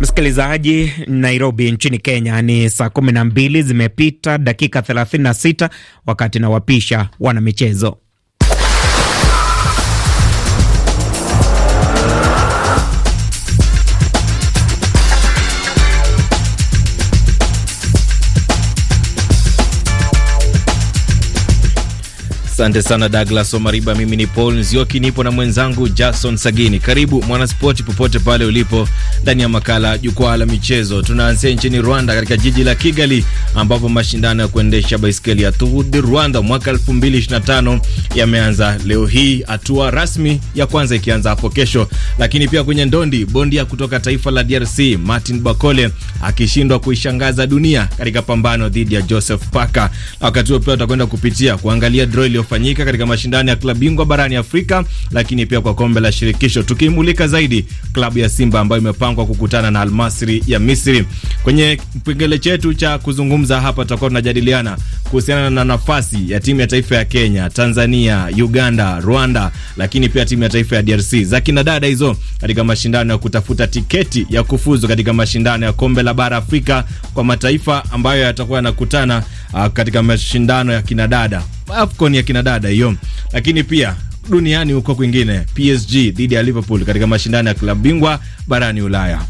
Msikilizaji, Nairobi nchini Kenya ni saa kumi na mbili zimepita dakika thelathini wakati na wapisha wana michezo Asante sana Douglas Omariba. Mimi ni Paul Nzioki, nipo na mwenzangu Jason Sagini. Karibu mwanaspoti popote pale ulipo ndani ya makala jukwaa la michezo. Tunaanzia nchini Rwanda, katika jiji la Kigali ambapo mashindano ya kuendesha baiskeli ya Tour du Rwanda mwaka 2025 yameanza leo hii, hatua rasmi ya kwanza ikianza hapo kesho. Lakini pia kwenye ndondi, bondia kutoka taifa la DRC Martin Bakole akishindwa kuishangaza dunia katika pambano dhidi ya Joseph Parker. Wakati huo pia utakwenda kupitia kuangalia draw yaliyofanyika katika mashindano ya klabu bingwa barani Afrika, lakini pia kwa kombe la shirikisho. Tukimulika zaidi klabu ya Simba ambayo imepangwa kukutana na Almasri ya Misri. Kwenye kipengele chetu cha kuzungumza hapa, tutakuwa tunajadiliana kuhusiana na nafasi ya timu ya taifa ya Kenya, Tanzania, Uganda, Rwanda, lakini pia timu ya taifa ya DRC za kina dada hizo katika mashindano ya kutafuta tiketi ya kufuzu katika mashindano ya kombe la bara Afrika kwa mataifa ambayo yatakuwa yanakutana uh, katika mashindano ya kinadada AFCON ya kinadada hiyo, lakini pia duniani huko kwingine PSG dhidi ya Liverpool katika mashindano ya klabu bingwa barani Ulaya.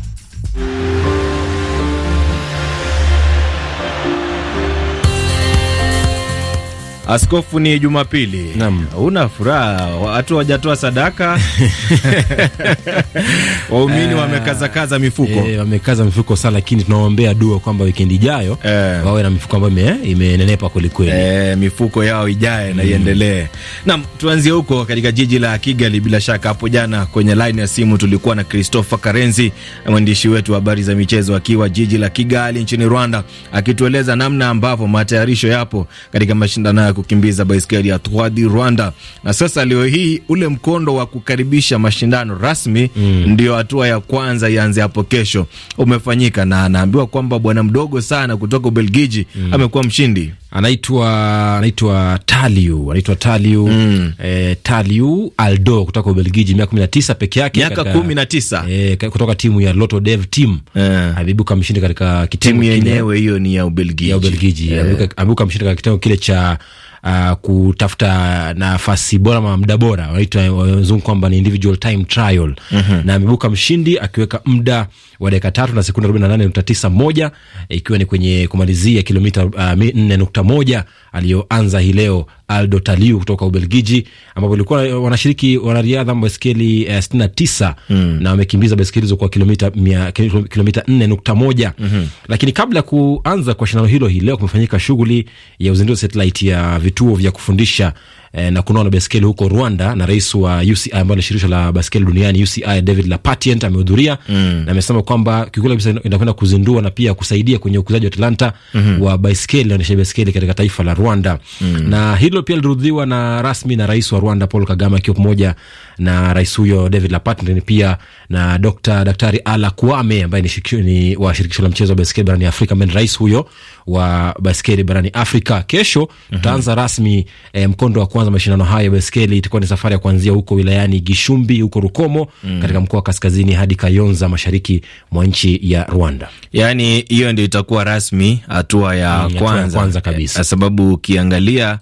Askofu, ni Jumapili, una furaha, watu wajatoa sadaka waumini eh, wamekazakaza mifuko e, wamekaza mifuko sana, lakini tunawaombea dua kwamba wikendi ijayo e, wawe na mifuko ambayo imenenepa kwelikweli e, mifuko yao ijae na mm. iendelee. Mm. Nam, tuanzie huko katika jiji la Kigali. Bila shaka hapo jana kwenye laini ya simu tulikuwa na Christopher Karenzi, mwandishi wetu wa habari za michezo, akiwa jiji la Kigali nchini Rwanda, akitueleza namna ambavyo matayarisho yapo katika mashindano kukimbiza baiskeli ya Tour du Rwanda. Na sasa leo hii ule mkondo wa kukaribisha mashindano rasmi mm. ndio hatua ya kwanza ianze hapo kesho umefanyika, na anaambiwa kwamba bwana mdogo sana kutoka Ubelgiji mm. amekuwa mshindi anaitwa anaitwa Taliu anaitwa Taliu mm. e, Taliu Aldo kutoka Ubelgiji, miaka kumi na tisa peke yake, miaka kumi na tisa eh, kutoka timu ya Lotto Dev Team yeah. aliibuka mshindi katika kitengo, timu yenyewe hiyo ni ya Ubelgiji ya Ubelgiji yeah. aliibuka mshindi katika kitengo kile cha uh, kutafuta nafasi bora ama muda bora, wanaita wazungu kwamba ni individual time trial, mm -hmm. na ameibuka mshindi akiweka mda wa dakika tatu na sekunde arobaini na nane nukta tisa moja ikiwa ni kwenye kumalizia kilomita uh, nne nukta moja aliyoanza hii leo Aldo Taliu kutoka Ubelgiji, ambapo ilikuwa wanashiriki wanariadha baiskeli uh, sitini na tisa mm. na wamekimbiza baiskeli hizo kwa kilomita mia, kilomita nne nukta moja mm -hmm. Lakini kabla ya kuanza kwa shindano hilo hii leo kumefanyika shughuli ya uzinduzi wa satelaiti ya vituo vya kufundisha eh, na kunaona baskeli huko Rwanda, na rais wa UCI ambayo ni shirisho la baskeli duniani UCI, David Lapatient amehudhuria mm. na amesema kwamba kikula kabisa inakwenda kuzindua na pia kusaidia kwenye ukuzaji wa talanta mm -hmm. wa baiskeli naonyesha uendeshaji baiskeli katika taifa la Rwanda mm. na hilo pia lilirudhiwa na rasmi na rais wa Rwanda Paul Kagame akiwa pamoja na rais huyo David Lapatient pia na Dr. Daktari Ala Kwame ambaye ni, ni wa shirikisho la mchezo wa baiskeli barani Afrika ambaye ni rais huyo wa baskeli barani Afrika. Kesho mhm. tutaanza rasmi eh, mkondo wa kwanza mashindano hayo ya baskeli. Itakuwa ni safari ya kuanzia huko wilayani Gishumbi huko Rukomo mm. katika mkoa wa kaskazini hadi Kayonza mashariki mwa nchi ya Rwanda. yani hiyo ndio itakuwa rasmi hatua ya mm, kwanza, kwanza kabisa, eh, sababu ukiangalia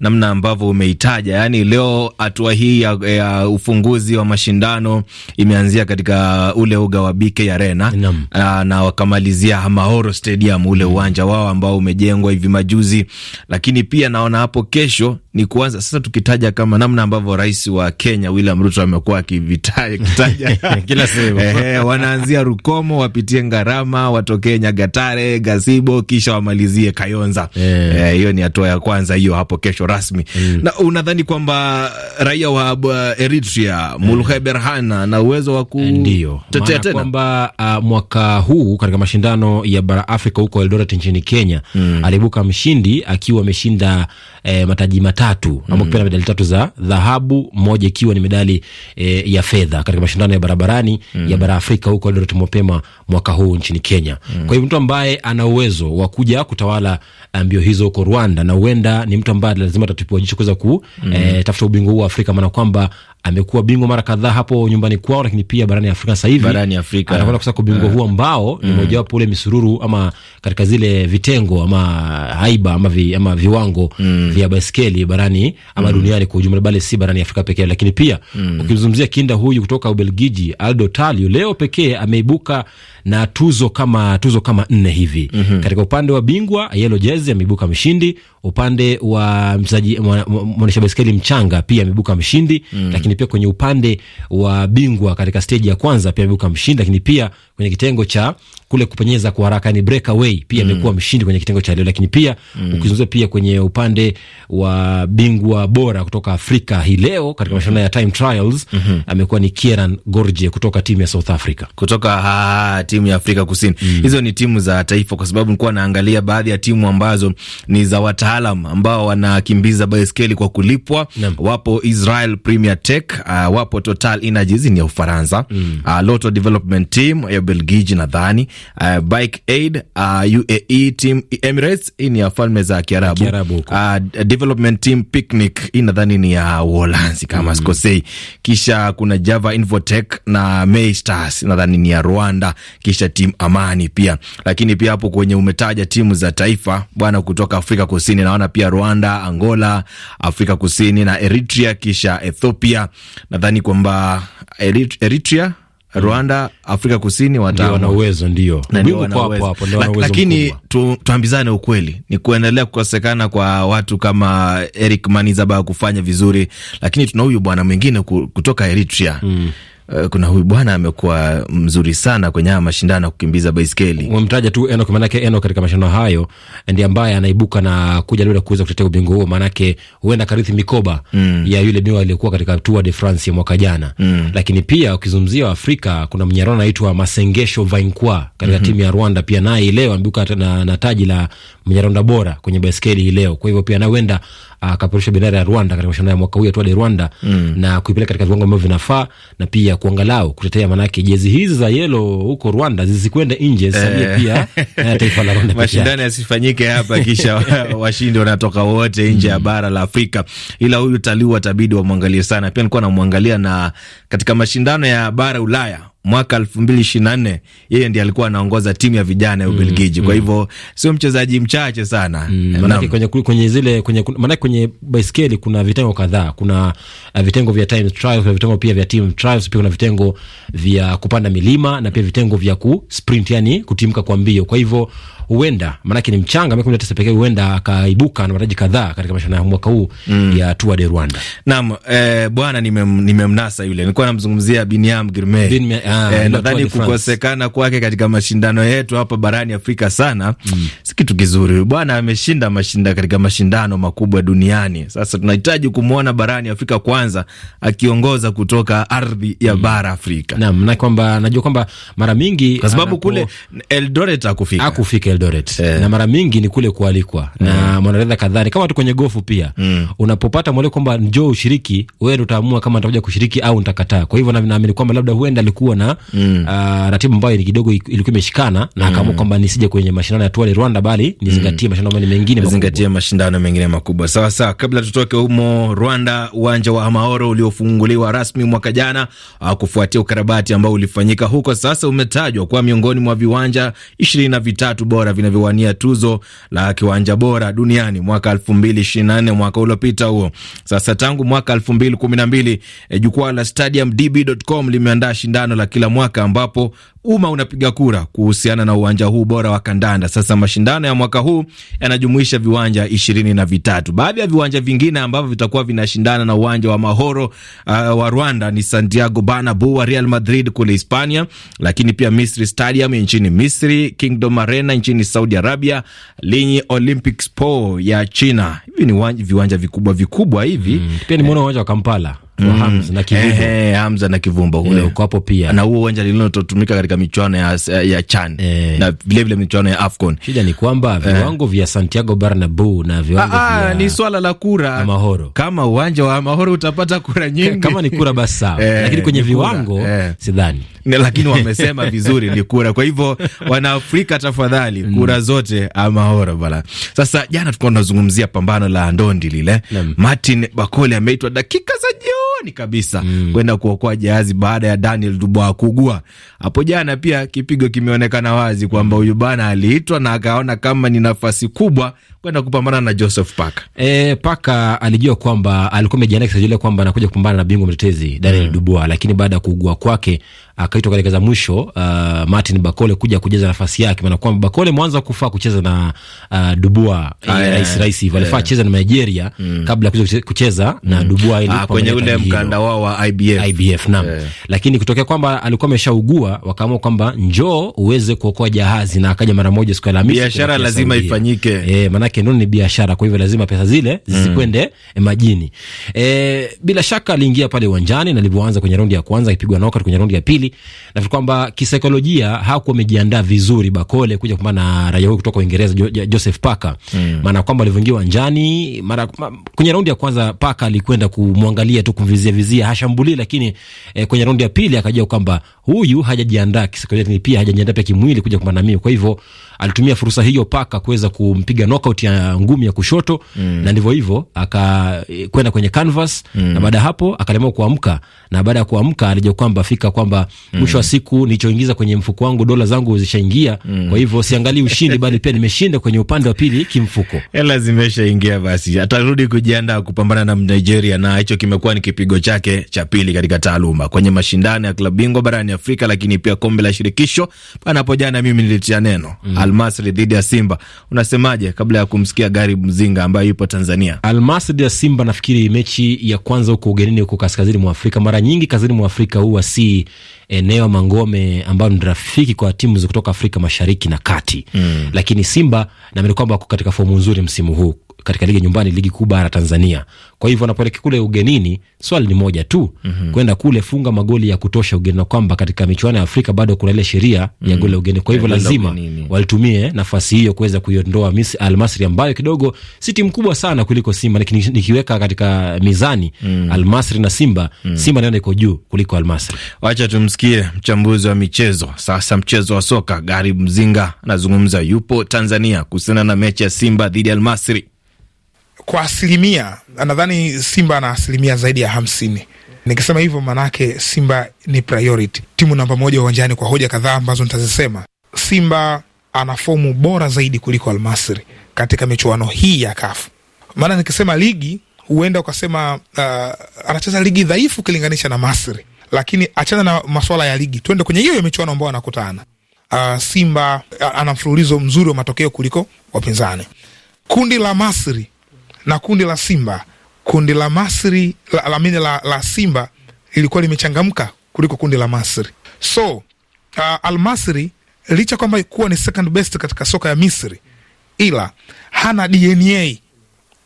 namna ambavyo umeitaja. Yani leo hatua hii ya, ya ufunguzi wa mashindano imeanzia katika ule uga wa BK Arena na, ah, na wakamalizia Mahoro Stadium, ule mm. uwanja wao ambao umejengwa hivi majuzi, lakini pia naona hapo kesho ni kuanza sasa, tukitaja kama namna ambavyo rais wa Kenya William Ruto amekuwa akivitaja kila sehemu eh, wanaanzia Rukomo, wapitie Ngarama, watokee Nyagatare, Gasibo, kisha wamalizie Kayonza. Hiyo eh, eh, ni hatua ya kwanza hiyo, hapo kesho rasmi mm. Na unadhani kwamba raia wa Eritrea eh. Mulhe Berhana na uwezo wa kutetea eh, tena kwamba uh, mwaka huu katika mashindano ya bara Afrika huko Eldoret nchini Kenya mm. alibuka mshindi akiwa ameshinda eh, mataji mata tatu mm. ambao na medali tatu za dhahabu, moja ikiwa ni medali e, ya fedha katika mashindano ya barabarani mm. ya bara Afrika huko Eldoret mapema mwaka huu nchini Kenya mm. Kwa hivyo mtu ambaye ana uwezo wa kuja kutawala e, mbio hizo huko Rwanda, na huenda ni mtu ambaye lazima atatupiwa jicho kuweza kutafuta mm. e, ubingwa huu wa Afrika, maana kwamba amekuwa bingwa mara kadhaa hapo nyumbani kwao, lakini pia barani Afrika sasa hivi barani Afrika anakwenda kusaka ubingwa uh, ambao mm, ni mojawapo ule misururu ama katika zile vitengo ama haiba ama, vi, ama viwango mm, vya baiskeli barani ama mm, duniani kwa ujumla, bali si barani Afrika pekee. Lakini pia mm, ukimzungumzia kinda huyu kutoka Ubelgiji Aldo Talio leo pekee ameibuka na tuzo kama tuzo kama nne hivi mm -hmm. Katika upande wa bingwa yellow jersey ameibuka mshindi, upande wa mchezaji mwendesha baiskeli mchanga pia ameibuka mshindi mm -hmm. Lakini pia kwenye upande wa bingwa katika stage ya kwanza pia ameibuka mshindi, lakini pia kwenye kitengo cha kule kupenyeza kwa haraka, ni breakaway, pia amekuwa mm. mshindi kwenye kitengo cha leo. Lakini pia mm. ukizungumza pia kwenye upande wa bingwa bora kutoka Afrika hii leo katika mm. mashindano ya time trials mm -hmm. amekuwa ni Kieran Gorge kutoka timu ya South Africa, kutoka ha, timu ya Afrika Kusini mm. hizo ni timu za taifa, kwa sababu nilikuwa naangalia baadhi ya timu ambazo ni za wataalam ambao wanakimbiza baiskeli kwa kulipwa mm. wapo Israel Premier Tech, uh, wapo Total Energies ni ya Ufaransa mm. uh, Lotto Development Team ya Belgiji nadhani uh, Bike Aid uh, UAE Team Emirates, hii ni ya falme za Kiarabu, uh, Development Team Picnic, hii nadhani ni ya Uholanzi kama mm, sikosei. Kisha kuna Java Infotech na May Stars nadhani ni ya Rwanda, kisha Team Amani pia. Lakini pia hapo kwenye umetaja timu za taifa bwana, kutoka Afrika Kusini naona pia Rwanda, Angola, Afrika Kusini na Eritrea, kisha Ethiopia nadhani kwamba Eritrea Mm. Rwanda, Afrika Kusini wata wana uwezo ndio, lakini tu, tuambizane ukweli, ni kuendelea kukosekana kwa watu kama Eric Manizaba kufanya vizuri, lakini tuna huyu bwana mwingine kutoka Eritrea mm. Eh, kuna huyu bwana amekuwa mzuri sana kwenye haya mashindano ya kukimbiza baiskeli. Umemtaja tu Enock, maanake Enock katika mashindano hayo ndiye ambaye anaibuka na kuja labda kuweza kutetea ubingwa huo, maanake huenda karithi mikoba mm. ya yule bingwa aliyekuwa katika Tour de France ya mwaka jana mm. Lakini pia ukizungumzia Afrika kuna Mnyarwanda anaitwa Masengesho Vainqua katika mm -hmm. timu ya Rwanda, pia naye leo ameibuka na, na taji la mjaranda bora kwenye baiskeli hii leo. Kwa hivyo pia nawenda akapeperusha ah, bendera ya Rwanda katika mashindano ya mwaka huu ya Tour de Rwanda mm. na kuipeleka katika viwango ambavyo vinafaa na pia kuangalau kutetea, manake jezi hizi za yelo huko Rwanda zisikwende nje zisalie eh. pia na eh, taifa la Rwanda. Mashindano yasifanyike hapa kisha washindi wanatoka wote nje mm. ya bara la Afrika, ila huyu talii watabidi wamwangalie sana. Pia nilikuwa namwangalia na katika mashindano ya bara Ulaya mwaka nne yeye ndiye alikuwa anaongoza timu ya vijana ya mm, Ubelgiji. Mm, kwa hivyo sio mchezaji mchache sana. Mm, eh, kwenye kwenye zile kwenye kwenye baiskeli kuna vitengo kadhaa. Kuna eh, vitengo vya time trials, kuna vitengo pia vya team trials, pia kuna vitengo vya kupanda milima na pia vitengo vya kusprint, yani kutimka kwa mbio. Kwa hivyo huenda maanake ni mchanga miaka kumi na tisa pekee, huenda akaibuka na mataji kadhaa katika mashindano ya mwaka huu mm. ya Tour de Rwanda. Naam eh, bwana nimem, nimemnasa yule, nilikuwa namzungumzia Biniam Girmay Bin, ah, eh, nadhani kukosekana kwake katika mashindano yetu hapa barani Afrika sana mm. si kitu kizuri bwana. Ameshinda mashinda katika mashindano makubwa duniani, sasa tunahitaji kumwona barani Afrika kwanza akiongoza kutoka ardhi ya mm. bara Afrika. Naam, na kwamba najua kwamba mara mingi kwa sababu kule Eldoret akufika akufika Eldoret yeah. na mara mingi ni kule kualikwa mm. na mwanariadha kadhaa, kama tu kwenye gofu pia mm. unapopata mwale kwamba njoo ushiriki, wewe ndio utaamua kama nitakuja kushiriki au nitakataa. Kwa hivyo naamini kwamba labda huenda alikuwa na mm. uh, ratiba ambayo ni kidogo ilikuwa imeshikana na mm. akaamua kwamba nisije kwenye mashindano ya tuali Rwanda, bali nizingatie mm. mashindano mengine makubwa, zingatie mashindano mengine makubwa. Sawa sawa, kabla tutoke humo Rwanda, uwanja wa Amahoro uliofunguliwa rasmi mwaka jana ah, kufuatia ukarabati ambao ulifanyika huko, sasa umetajwa kuwa miongoni mwa viwanja ishirini na vitatu bora bora vinavyowania tuzo la kiwanja bora duniani mwaka 2024 mwaka uliopita huo. Sasa tangu mwaka 2012 eh, jukwaa la stadiumdb.com limeandaa shindano la kila mwaka ambapo umma unapiga kura kuhusiana na uwanja huu bora wa kandanda. Sasa mashindano ya mwaka huu yanajumuisha viwanja ishirini na vitatu. Baadhi ya viwanja vingine ambavyo vitakuwa vinashindana na uwanja wa Mahoro uh, wa Rwanda ni Santiago Bernabeu wa Real Madrid kule Hispania, lakini pia Misri Stadium nchini Misri, Kingdom Arena nchini Saudi Arabia, Linyi Olympic Spo ya China. Hivi ni viwanja vikubwa vikubwa hivi. Mm, pia nimeona uwanja wa Kampala mm, Hamza na Kivumba, Hamza na Kivumba ule eh. uko hapo pia, na huo uwanja lililotumika katika michuano ya, ya CHAN eh. na vile vile michuano ya AFCON. Shida ni kwamba eh. viwango vya Santiago Bernabeu na viwango ah, ah, vya ni swala la kura Mahoro. Kama uwanja wa Mahoro utapata kura nyingi, kama ni kura basi sawa lakini kwenye viwango lakini wamesema vizuri ni kura. Kwa hivyo Wanaafrika, tafadhali mm. kura zote ah, bala. Sasa jana tulikuwa tunazungumzia pambano la ndondi lile, Martin Bakoli ameitwa dakika za jioni jioni kabisa mm. kwenda kuokoa jahazi baada ya Daniel Dubois kuugua hapo jana. Pia kipigo kimeonekana wazi kwamba mm. huyu bana aliitwa na akaona kama ni nafasi kubwa kwenda kupambana na Joseph Parker. E, Parker alijua kwamba alikuwa amejiandaa kisajili kwamba anakuja kupambana na bingwa mtetezi Daniel mm. Dubois, lakini baada ya kuugua kwake akaitwa katika za mwisho uh, Martin Bakole kuja kujaza nafasi yake, maana kwamba Bakole mwanza kufaa kucheza na uh, Dubua ah, rais rais hivyo alifaa cheza na Nigeria mm. kabla kucheza, kucheza mm. Ah, na Dubua ili ile kwenye ule mkanda wao wa IBF, IBF naam yeah. Lakini kutokea kwamba alikuwa ameshaugua wakaamua kwamba njoo uweze kuokoa jahazi, na akaja mara moja siku ya Alhamisi. Biashara lazima ifanyike eh, maana yake ni biashara, kwa hivyo lazima pesa zile zisikwende mm. Eh, majini eh, bila shaka aliingia pale uwanjani na alivyoanza kwenye raundi ya kwanza akipigwa knockout kwenye raundi ya pili pili, na kwamba kisaikolojia hakuwa amejiandaa vizuri Bakole kuja kupambana na raia huyu kutoka Uingereza Joseph Parker, mm. maana kwamba alivyoingia uwanjani mara ma, kwenye raundi ya kwanza Parker alikwenda kumwangalia tu kumvizia vizia, hashambulii, lakini eh, kwenye raundi ya pili akajua kwamba huyu hajajiandaa kisaikolojia, pia hajajiandaa pia kimwili kuja kupambana na mimi, kwa hivyo alitumia fursa hiyo paka kuweza kumpiga knockout ya ngumi ya kushoto mm. na ndivyo hivyo akakwenda eh, kwenye canvas mm. na baada ya hapo akalemewa kuamka, na baada ya kuamka alijua kwamba fika kwamba mwisho mm. wa siku nilichoingiza kwenye mfuko wangu dola zangu zishaingia mm. kwa hivyo siangalii ushindi bali pia nimeshinda kwenye upande wa pili kimfuko, hela zimeshaingia, basi atarudi kujiandaa kupambana na Nigeria, na hicho kimekuwa ni kipigo chake cha pili katika taaluma kwenye mashindano ya klabu bingwa barani Afrika, lakini pia kombe la shirikisho. Panapo jana mimi nilitia neno mm. Almasri dhidi ya Simba. Unasemaje kabla ya kumsikia Gari Mzinga ambaye yupo Tanzania? Almasri dhidi ya Simba, nafikiri mechi ya kwanza huko ugenini, huko kaskazini mwa Afrika. Mara nyingi kaskazini mwa Afrika huwa si eneo mangome ambayo ni rafiki kwa timu za kutoka Afrika mashariki na kati mm. Lakini Simba naamini kwamba wako katika fomu nzuri msimu huu katika ligi nyumbani, ligi kuu bara Tanzania. Kwa hivyo wanapoelekea kule ugenini, swali ni moja tu mm -hmm. kwenda kule funga magoli ya kutosha ugenini, na kwamba katika michuano ya Afrika bado kuna ile sheria mm -hmm. ya goli la ugenini, kwa hivyo lazima ugenini walitumie nafasi hiyo kuweza kuiondoa Al Almasri ambayo kidogo si timu kubwa sana kuliko Simba, lakini nikiweka katika mizani mm. Almasri na Simba mm. Simba naona iko juu kuliko Almasri. Wacha tumsikie mchambuzi wa michezo sasa, mchezo wa soka Gari Mzinga anazungumza, yupo Tanzania kuhusiana na mechi ya Simba dhidi ya Almasri. Kwa asilimia nadhani Simba ana asilimia zaidi ya hamsini. Nikisema hivyo maanake Simba ni priority, timu namba moja uwanjani, kwa hoja kadhaa ambazo nitazisema. Simba ana fomu bora zaidi kuliko Almasri katika michuano hii ya kafu. Maana nikisema ligi huenda ukasema uh, anacheza ligi dhaifu ukilinganisha na Masri, lakini achana na maswala ya ligi, tuende kwenye hiyo michuano ambayo anakutana uh, Simba uh, ana mfululizo mzuri wa matokeo kuliko wapinzani. Kundi la Masri na kundi la Simba, kundi la Masri la, la, la, la Simba lilikuwa limechangamka kuliko kundi la Masri. So uh, Almasri licha kwamba kuwa ni second best katika soka ya Misri, ila hana DNA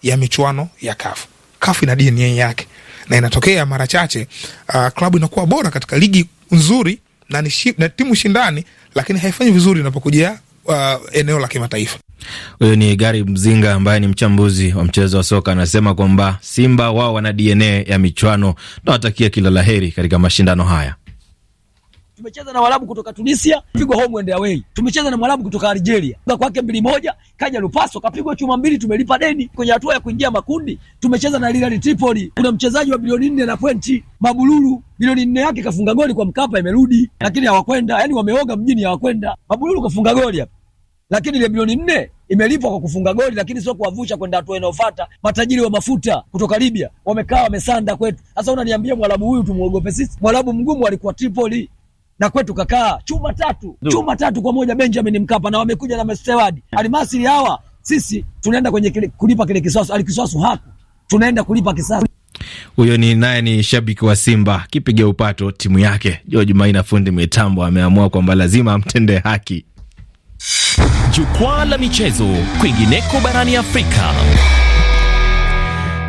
ya michuano ya CAF. CAF ina DNA yake na inatokea mara chache uh, klabu inakuwa bora katika ligi nzuri na, ni shi, na timu shindani, lakini haifanyi vizuri inapokuja uh, eneo la kimataifa. Huyo ni Gari Mzinga ambaye ni mchambuzi wa mchezo wa soka, anasema kwamba Simba wao wana DNA ya michuano na watakia kila laheri katika mashindano haya. Tumecheza na Waarabu kutoka Tunisia, pigwa home and away. Tumecheza na Mwarabu kutoka Algeria, kwa kwake mbili moja, kaja Lupaso kapigwa chuma mbili, tumelipa deni kwenye hatua ya kuingia makundi. Tumecheza na Hilal Tripoli, kuna mchezaji wa bilioni nne na pointi Mabululu, bilioni nne yake kafunga goli kwa Mkapa, imerudi lakini hawakwenda, yani wameoga mjini, hawakwenda. Mabululu kafunga goli hapa, lakini ile bilioni nne imelipwa kwa kufunga goli, lakini sio kuwavusha kwenda hatua inayofuata. Matajiri wa mafuta kutoka Libya wamekaa wamesanda kwetu. Sasa unaniambia mwarabu huyu tumuogope sisi? Mwarabu mgumu alikuwa Tripoli na kwetu kakaa chuma tatu du. chuma tatu kwa moja Benjamin Mkapa, na wamekuja na Mestewadi alimasiri Hawa sisi tunaenda kwenye kile, kulipa kile kisasu alikisasu haku tunaenda kulipa kisasu Huyo ni naye ni shabiki wa Simba, kipiga upato timu yake. George Maina, fundi mitambo, ameamua kwamba lazima amtende haki. Jukwaa la michezo kwingineko barani Afrika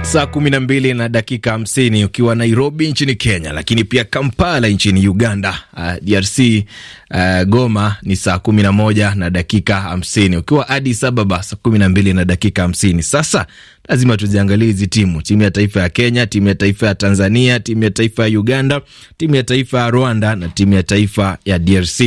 Saa 12 na dakika 50 ukiwa Nairobi nchini Kenya, lakini pia Kampala nchini Uganda. Uh, DRC uh, Goma ni saa kumi na moja na dakika hamsini ukiwa Addis Ababa saa kumi na mbili na dakika hamsini Sasa lazima tuziangalie hizi timu, timu ya taifa ya Kenya, timu ya taifa ya Tanzania, timu ya taifa ya Uganda, timu ya taifa ya Rwanda na timu ya taifa ya DRC.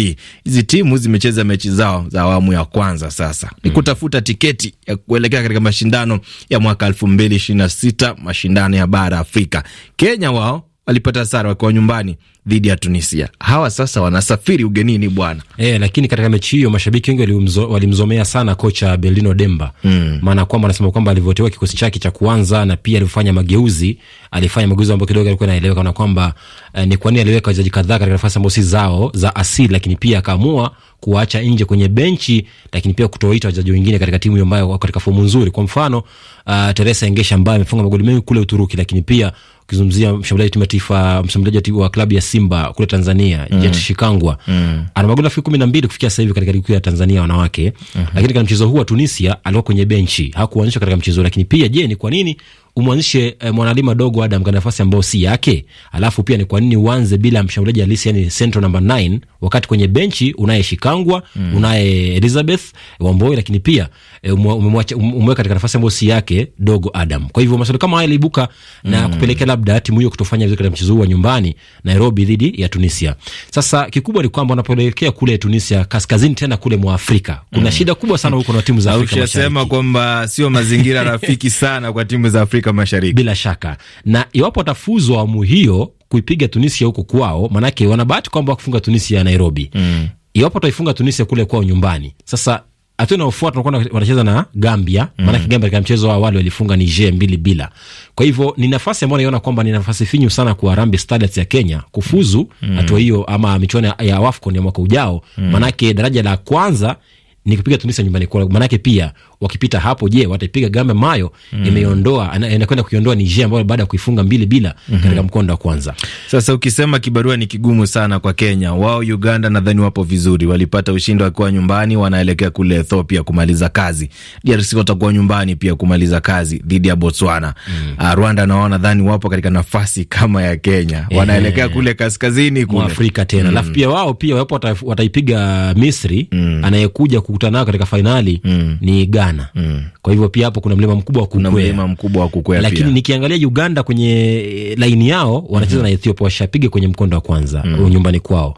Hizi timu zimecheza mechi zao za awamu ya kwanza. Sasa ni mm. kutafuta tiketi ya kuelekea katika mashindano ya mwaka elfu mbili ishirini na sita mashindano ya bara Afrika. Kenya wao walipata sare wakiwa nyumbani dhidi ya Tunisia. Hawa sasa wanasafiri ugenini bwana. E, lakini katika mechi hiyo mashabiki wengi walimzo, walimzomea sana kocha Belino Demba hmm. maana mm, kwamba anasema kwamba alivyoteua kikosi chake cha kwanza na pia alivyofanya mageuzi, alifanya mageuzi ambayo kidogo alikuwa anaeleweka na kwamba eh, ni kwa nini aliweka wachezaji kadhaa katika nafasi ambazo si zao za asili, lakini pia akaamua kuwaacha nje kwenye benchi, lakini pia kutoita wachezaji wengine katika timu hiyo ambayo katika fomu nzuri. Kwa mfano uh, Teresa Engesha ambaye amefunga magoli mengi kule Uturuki, lakini pia ukizungumzia mshambuliaji timu ya taifa, mshambuliaji wa klabu ya Simba kule Tanzania mm. Jet Shikangwa mm. ana magoli nafikiri kumi na mbili kufikia sasa hivi katika ligi ya Tanzania wanawake mm -hmm. Lakini katika mchezo huu wa Tunisia alikuwa kwenye benchi, hakuanzishwa katika mchezo. Lakini pia je, ni kwa nini umwanzishe eh, mwanalima dogo Adam katika nafasi ambayo si yake? Alafu pia ni kwa nini uanze bila mshambuliaji halisi, yani central number 9 wakati kwenye benchi unaye Shikangwa mm. unaye Elizabeth Wamboi, lakini pia eh, umemwacha umeweka katika nafasi ambayo si yake dogo Adam. Kwa hivyo maswali kama haya yaliibuka na mm. kupelekea labda timu hiyo kutofanya vizuri katika mchezo huu wa nyumbani Nairobi dhidi ya Tunisia. Sasa kikubwa ni kwamba wanapoelekea kule Tunisia kaskazini tena kule mwa Afrika kuna mm. shida kubwa sana huko na timu za Afrika Mashariki. Ushasema kwamba sio mazingira rafiki sana kwa timu za Afrika Mashariki bila shaka, na iwapo watafuzwa awamu hiyo kuipiga Tunisia huko kwao, maanake wanabahati kwamba wakufunga Tunisia ya Nairobi mm. iwapo wataifunga Tunisia kule kwao nyumbani, sasa hatua inayofuata wanakuwa wanacheza na Gambia, mm. maanake mm. Gambia katika mchezo wa awali walifunga Niger mbili bila. Kwa hivyo ni nafasi ambayo naiona kwamba ni nafasi finyu sana kwa Harambee Stars ya Kenya kufuzu mm. Mm. hatua mm. hiyo ama michuano ya WAFCON ya mwaka ujao mm. maanake daraja la kwanza ni kupiga Tunisia nyumbani kwao, maanake pia wakipita hapo, je, watapiga Gamba mayo mm. Imeiondoa, inakwenda kuiondoa Niger ambayo baada ya kuifunga mbili bila mm -hmm. katika mkondo wa kwanza. Sasa ukisema kibarua ni kigumu sana kwa Kenya, wao Uganda nadhani wapo vizuri, walipata ushindi wakiwa nyumbani, wanaelekea kule Ethiopia kumaliza kazi. DRC watakuwa nyumbani pia kumaliza kazi dhidi ya Botswana mm. Uh, Rwanda na wao nadhani wapo katika nafasi kama ya Kenya, eh, wanaelekea yeah. kule kaskazini kule Afrika tena, mm. alafu mm. pia wao pia wapo wataipiga Misri mm. anayekuja kukutana nao katika fainali mm. ni Ghana sana mm. Kwa hivyo pia hapo kuna mlima mkubwa wa kukwea, mlima mkubwa wa kukwea lakini pia. Nikiangalia Uganda kwenye eh, laini yao wanacheza mm -hmm. na Ethiopia washapige kwenye mkondo wa kwanza mm -hmm. nyumbani kwao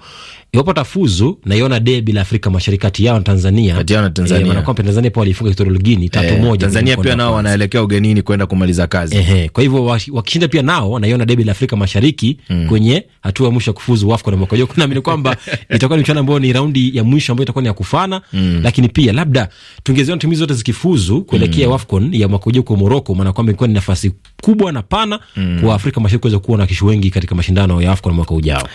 iwapo tafuzu naiona debi la Afrika Mashariki kati yao na Tanzania, kati yao na eh, Tanzania, maana kwamba Tanzania pia walifunga kitorologini eh, tatu moja. Tanzania pia nao wanaelekea ugenini kwenda kumaliza kazi ehe. Kwa hivyo wakishinda pia nao naiona debi la Afrika Mashariki mm. kwenye hatua ya mwisho ya kufuzu WAFCON mwaka ujao. Kuna amini kwamba itakuwa ni mchana ambao ni raundi ya mwisho ambayo itakuwa ni ya kufana mm. lakini pia labda tungeziona timu zote zikifuzu kuelekea mm. WAFCON ya mwaka ujao kwa Morocco, maana kwamba ilikuwa ni nafasi kubwa na pana mm. kwa Afrika Mashariki kuweza kuwa na kishu wengi katika mashindano ya WAFCON mwaka ujao.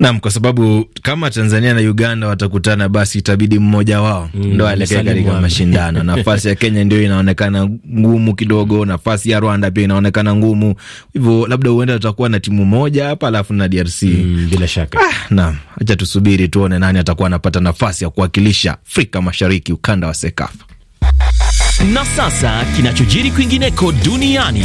Naam, kwa sababu kama Tanzania na Uganda watakutana, basi itabidi mmoja wao mm, ndo aelekee katika mashindano. Nafasi ya Kenya ndio inaonekana ngumu kidogo, nafasi ya Rwanda pia inaonekana ngumu, hivyo labda huenda tutakuwa na timu moja hapa alafu na DRC mm, bila shaka. Ah, naam, acha tusubiri tuone nani atakuwa anapata nafasi ya kuwakilisha Afrika Mashariki, ukanda wa SEKAFA. Na sasa kinachojiri kwingineko duniani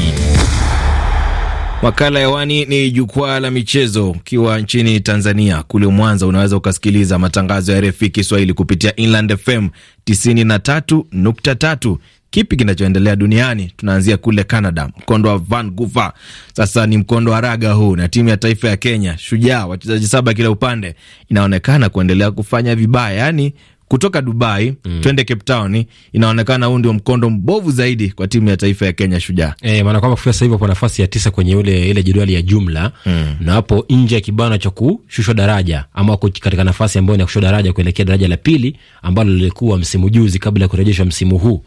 Makala hewani ni jukwaa la michezo. Ukiwa nchini Tanzania kule Mwanza, unaweza ukasikiliza matangazo ya RFI Kiswahili kupitia Inland FM 93.3. Kipi kinachoendelea duniani? Tunaanzia kule Canada, mkondo wa Vancouver. Sasa ni mkondo wa raga huu, na timu ya taifa ya Kenya Shujaa, wachezaji saba kila upande, inaonekana kuendelea kufanya vibaya, yani kutoka Dubai mm. twende Cape Town. Inaonekana huu ndio mkondo mbovu zaidi kwa timu ya taifa ya Kenya Shujaa, E, maana kwamba kufikia sasa hivi wapo nafasi ya tisa kwenye ule ile jedwali ya jumla mm. na hapo nje ya kibano cha kushushwa daraja ama wako katika nafasi ambayo ni kushushwa daraja kuelekea daraja la pili ambalo lilikuwa msimu juzi kabla ya kurejeshwa msimu huu.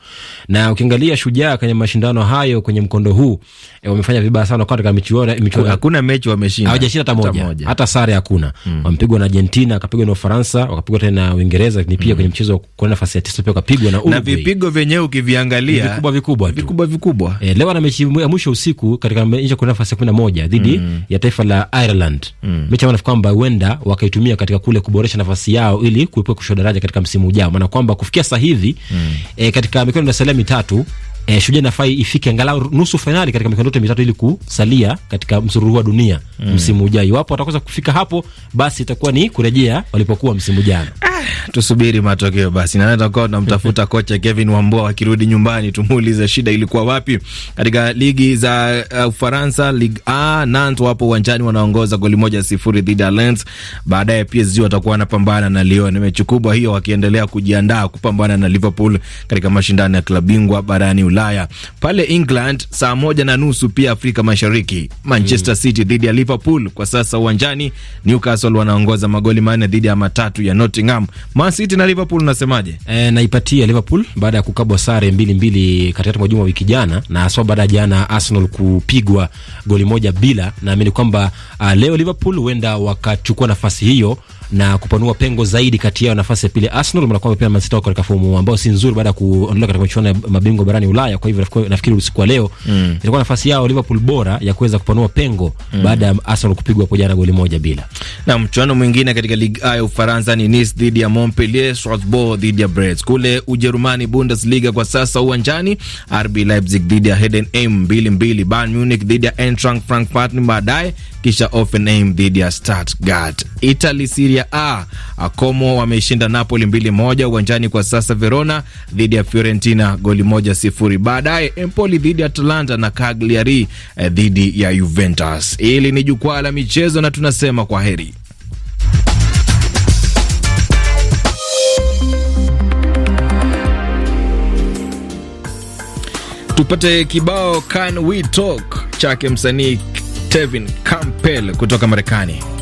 Na ukiangalia Shujaa kwenye mashindano hayo kwenye mkondo huu eh, wamefanya vibaya sana kwa katika michuano, michuano hakuna mechi wameshinda, hawajashinda hata moja, hata sare hakuna mm. wamepigwa na Argentina, wakapigwa na Ufaransa, wakapigwa tena na Uingereza ni pia kuingia kwenye mchezo kwa nafasi ya tisa pia kapigwa na Uruguay. Na vipigo vyenyewe ukiviangalia vikubwa vikubwa tu. Vikubwa vikubwa. E, leo ana mechi ya mwisho usiku katika mechi kwa nafasi ya 11 dhidi mm. ya taifa la Ireland. Mm. Mechi ambayo kwamba huenda wakaitumia katika kule kuboresha nafasi yao ili kuepuka kushuka daraja katika msimu ujao. Maana kwamba kufikia sasa hivi mm. e, katika mikono ya salia mitatu eh, Shujaa nafai ifike angalau nusu fainali katika mikondo yote mitatu ili kusalia katika msururu wa dunia mm. msimu ujao. Iwapo watakosa kufika hapo, basi itakuwa ni kurejea walipokuwa msimu jana. Ah, tusubiri matokeo basi, na tutakuwa tunamtafuta kocha Kevin Wambua akirudi nyumbani, tumuulize shida ilikuwa wapi. Katika ligi za uh, Ufaransa, Ligue A, Nantes wapo uwanjani wanaongoza goli moja sifuri dhidi ya Lens. Baadaye PSG watakuwa wanapambana na Lyon, mechi kubwa hiyo, wakiendelea kujiandaa kupambana na Liverpool katika mashindano ya klabu bingwa barani Ulaya. Pale England saa moja na nusu pia Afrika Mashariki, Manchester mm. City dhidi ya Liverpool kwa sasa uwanjani. Newcastle wanaongoza magoli manne dhidi ya matatu ya Nottingham. Man City na Liverpool unasemaje? E, naipatia Liverpool baada ya kukabwa sare mbili mbili katikati mwa juma wiki jana, na haswa baada ya jana Arsenal kupigwa goli moja bila. Naamini kwamba uh, leo Liverpool huenda wakachukua nafasi hiyo na kupanua pengo zaidi kati yao nafasi ya pili Arsenal, maana kwamba pia Man City katika fomu ambayo si nzuri baada ya kuondoka katika michuano ya mabingwa barani Ulaya. Kwa hivyo nafikiri usiku wa leo mm. ilikuwa nafasi yao Liverpool bora ya kuweza kupanua pengo mm. baada ya Arsenal kupigwa hapo jana goli moja bila. Na mchuano mwingine katika ligi A ya Ufaransa ni Nice dhidi ya Montpellier, Strasbourg dhidi ya Brest. Kule Ujerumani Bundesliga kwa sasa uwanjani RB Leipzig dhidi ya Heidenheim 2-2, Bayern Munich dhidi ya Eintracht Frankfurt ni baadaye kisha Hoffenheim dhidi ya Stuttgart. Italy Serie A. Como wameishinda Napoli mbili moja uwanjani kwa sasa Verona dhidi ya Fiorentina goli moja sifuri. Baadaye Empoli dhidi ya Atalanta na Cagliari eh, dhidi ya Juventus. Hili ni jukwaa la michezo na tunasema kwa heri. Tupate kibao Can We Talk chake msanii Tevin Campbell kutoka Marekani.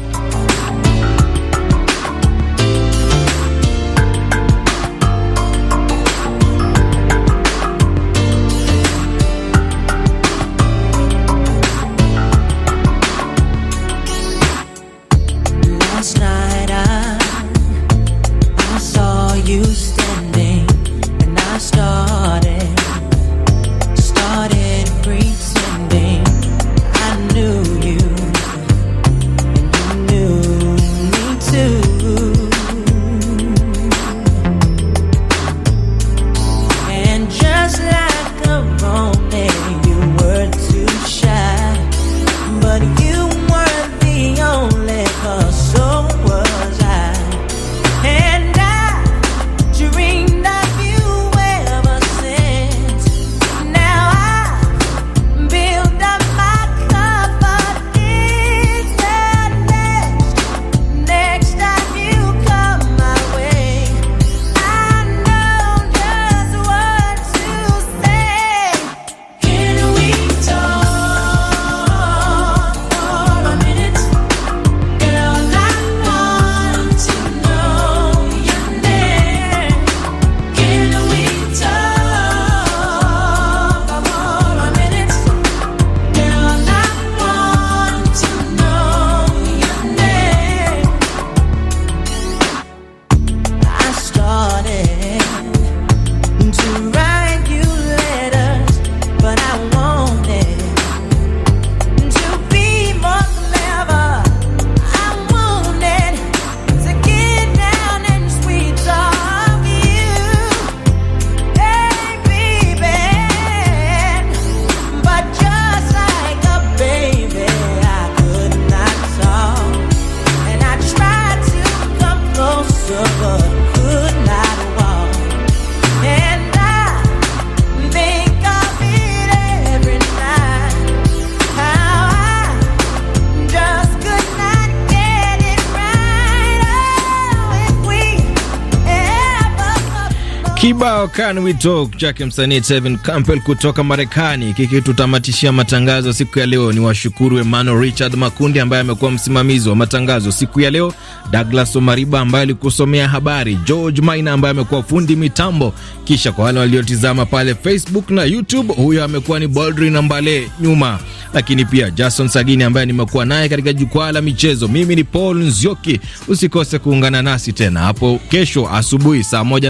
Kibao Can We Talk chake msanii Tevin Campbell kutoka Marekani kikitutamatishia matangazo siku ya leo. Ni washukuru Emmanuel Richard Makundi ambaye amekuwa msimamizi wa matangazo siku ya leo, Douglas Omariba ambaye alikusomea habari, George Maina ambaye amekuwa fundi mitambo. Kisha kwa wale waliotizama pale Facebook na YouTube, huyo amekuwa ni na Mbale nyuma, lakini pia Jason Sagini ambaye nimekuwa naye katika jukwaa la michezo. Mimi ni Paul Nzioki, usikose kuungana nasi tena hapo kesho asubuhi saa moja